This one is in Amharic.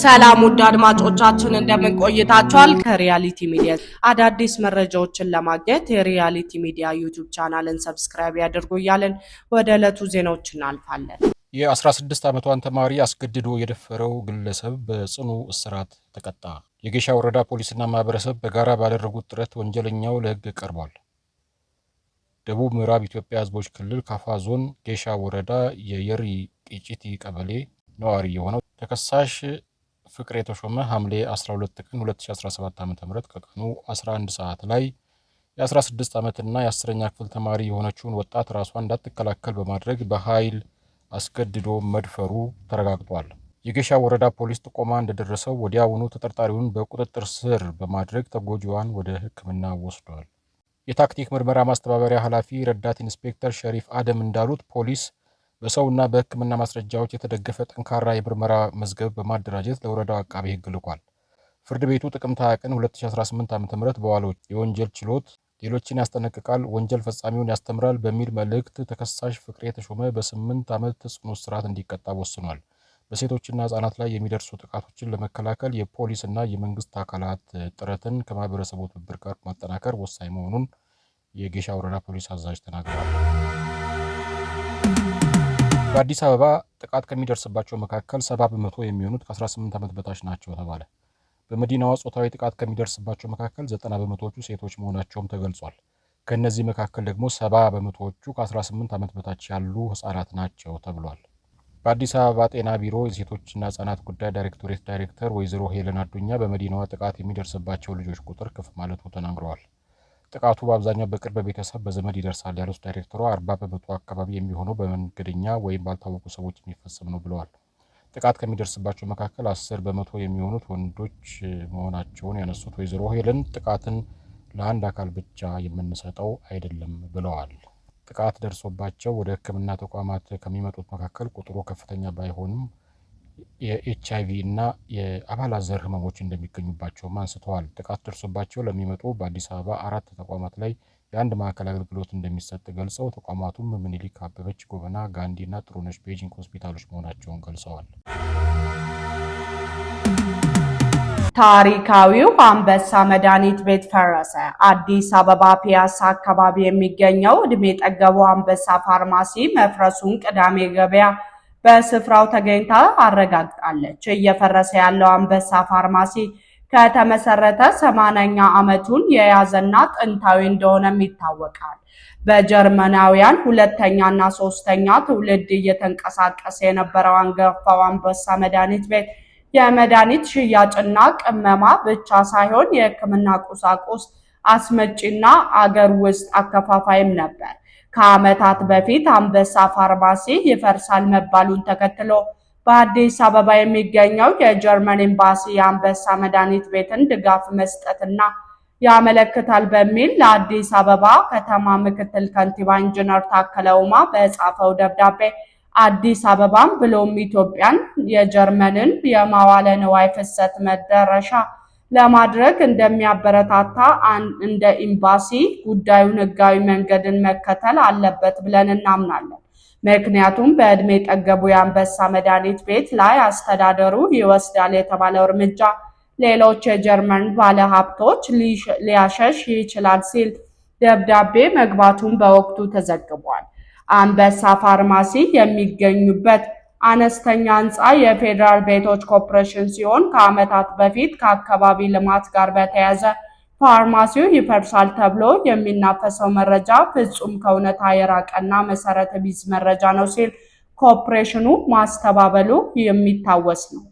ሰላም ውድ አድማጮቻችን እንደምን ቆይታችኋል? ከሪያሊቲ ሚዲያ አዳዲስ መረጃዎችን ለማግኘት የሪያሊቲ ሚዲያ ዩቱብ ቻናልን ሰብስክራይብ ያድርጉ እያለን ወደ ዕለቱ ዜናዎች እናልፋለን። የ16 ዓመቷን ተማሪ አስገድዶ የደፈረው ግለሰብ በጽኑ እስራት ተቀጣ። የጌሻ ወረዳ ፖሊስና ማህበረሰብ በጋራ ባደረጉት ጥረት ወንጀለኛው ለህግ ቀርቧል። ደቡብ ምዕራብ ኢትዮጵያ ህዝቦች ክልል ካፋ ዞን ጌሻ ወረዳ የየሪ ቂጭቲ ቀበሌ ነዋሪ የሆነው ተከሳሽ ፍቅር የተሾመ ሐምሌ 12 ቀን 2017 ዓ.ም ከቀኑ 11 ሰዓት ላይ የ16 ዓመትና የአስረኛ ክፍል ተማሪ የሆነችውን ወጣት ራሷን እንዳትከላከል በማድረግ በኃይል አስገድዶ መድፈሩ ተረጋግጧል። የጌሻ ወረዳ ፖሊስ ጥቆማ እንደደረሰው ወዲያውኑ ተጠርጣሪውን በቁጥጥር ስር በማድረግ ተጎጂዋን ወደ ሕክምና ወስዷል። የታክቲክ ምርመራ ማስተባበሪያ ኃላፊ ረዳት ኢንስፔክተር ሸሪፍ አደም እንዳሉት ፖሊስ በሰውና በሕክምና ማስረጃዎች የተደገፈ ጠንካራ የምርመራ መዝገብ በማደራጀት ለወረዳው አቃቢ ሕግ ልኳል። ፍርድ ቤቱ ጥቅምት 20 ቀን 2018 ዓ ም በዋለው የወንጀል ችሎት ሌሎችን ያስጠነቅቃል፣ ወንጀል ፈጻሚውን ያስተምራል በሚል መልእክት ተከሳሽ ፍቅሬ የተሾመ በስምንት ዓመት ጽኑ እስራት እንዲቀጣ ወስኗል። በሴቶችና ህጻናት ላይ የሚደርሱ ጥቃቶችን ለመከላከል የፖሊስና የመንግስት አካላት ጥረትን ከማህበረሰቡ ትብብር ጋር ማጠናከር ወሳኝ መሆኑን የጌሻ ወረዳ ፖሊስ አዛዥ ተናግረዋል። በአዲስ አበባ ጥቃት ከሚደርስባቸው መካከል ሰባ በመቶ የሚሆኑት ከ18 ዓመት በታች ናቸው ተባለ። በመዲናዋ ጾታዊ ጥቃት ከሚደርስባቸው መካከል ዘጠና በመቶዎቹ ሴቶች መሆናቸውም ተገልጿል። ከእነዚህ መካከል ደግሞ ሰባ በመቶዎቹ ከ18 ዓመት በታች ያሉ ህጻናት ናቸው ተብሏል። በአዲስ አበባ ጤና ቢሮ የሴቶችና ህጻናት ጉዳይ ዳይሬክቶሬት ዳይሬክተር ወይዘሮ ሄለን አዱኛ በመዲናዋ ጥቃት የሚደርስባቸው ልጆች ቁጥር ከፍ ማለቱ ተናግረዋል። ጥቃቱ በአብዛኛው በቅርብ ቤተሰብ፣ በዘመድ ይደርሳል ያሉት ዳይሬክተሯ አርባ በመቶ አካባቢ የሚሆነው በመንገደኛ ወይም ባልታወቁ ሰዎች የሚፈጸም ነው ብለዋል። ጥቃት ከሚደርስባቸው መካከል አስር በመቶ የሚሆኑት ወንዶች መሆናቸውን ያነሱት ወይዘሮ ሄለን ጥቃትን ለአንድ አካል ብቻ የምንሰጠው አይደለም ብለዋል። ጥቃት ደርሶባቸው ወደ ሕክምና ተቋማት ከሚመጡት መካከል ቁጥሩ ከፍተኛ ባይሆንም የኤች አይቪ እና የአባላት ዘር ህመሞች እንደሚገኙባቸውም አንስተዋል። ጥቃት ደርሶባቸው ለሚመጡ በአዲስ አበባ አራት ተቋማት ላይ የአንድ ማዕከል አገልግሎት እንደሚሰጥ ገልጸው ተቋማቱም ምኒልክ፣ አበበች ጎበና፣ ጋንዲ እና ጥሩነሽ ቤጂንግ ሆስፒታሎች መሆናቸውን ገልጸዋል። ታሪካዊው አንበሳ መድኃኒት ቤት ፈረሰ። አዲስ አበባ ፒያሳ አካባቢ የሚገኘው እድሜ ጠገቡ አንበሳ ፋርማሲ መፍረሱን ቅዳሜ ገበያ በስፍራው ተገኝታ አረጋግጣለች። እየፈረሰ ያለው አንበሳ ፋርማሲ ከተመሰረተ ሰማንያኛ ዓመቱን የያዘና ጥንታዊ እንደሆነም ይታወቃል። በጀርመናውያን ሁለተኛና ሶስተኛ ትውልድ እየተንቀሳቀሰ የነበረው አንጋፋው አንበሳ መድኃኒት ቤት የመድኃኒት ሽያጭና ቅመማ ብቻ ሳይሆን የሕክምና ቁሳቁስ አስመጪና አገር ውስጥ አከፋፋይም ነበር። ከዓመታት በፊት አንበሳ ፋርማሲ ይፈርሳል መባሉን ተከትሎ በአዲስ አበባ የሚገኘው የጀርመን ኤምባሲ የአንበሳ መድኃኒት ቤትን ድጋፍ መስጠትና ያመለክታል በሚል ለአዲስ አበባ ከተማ ምክትል ከንቲባ ኢንጂነር ታከለ ኡማ በጻፈው ደብዳቤ አዲስ አበባን ብሎም ኢትዮጵያን የጀርመንን የማዋለ ንዋይ ፍሰት መዳረሻ ለማድረግ እንደሚያበረታታ እንደ ኤምባሲ ጉዳዩን ህጋዊ መንገድን መከተል አለበት ብለን እናምናለን። ምክንያቱም በእድሜ ጠገቡ የአንበሳ መድኃኒት ቤት ላይ አስተዳደሩ ይወስዳል የተባለው እርምጃ ሌሎች የጀርመን ባለሀብቶች ሊያሸሽ ይችላል ሲል ደብዳቤ መግባቱን በወቅቱ ተዘግቧል። አንበሳ ፋርማሲ የሚገኙበት አነስተኛ ህንፃ የፌዴራል ቤቶች ኮርፖሬሽን ሲሆን ከዓመታት በፊት ከአካባቢ ልማት ጋር በተያያዘ ፋርማሲው ይፈርሳል ተብሎ የሚናፈሰው መረጃ ፍጹም ከእውነታ የራቀና መሰረተ ቢስ መረጃ ነው ሲል ኮርፖሬሽኑ ማስተባበሉ የሚታወስ ነው።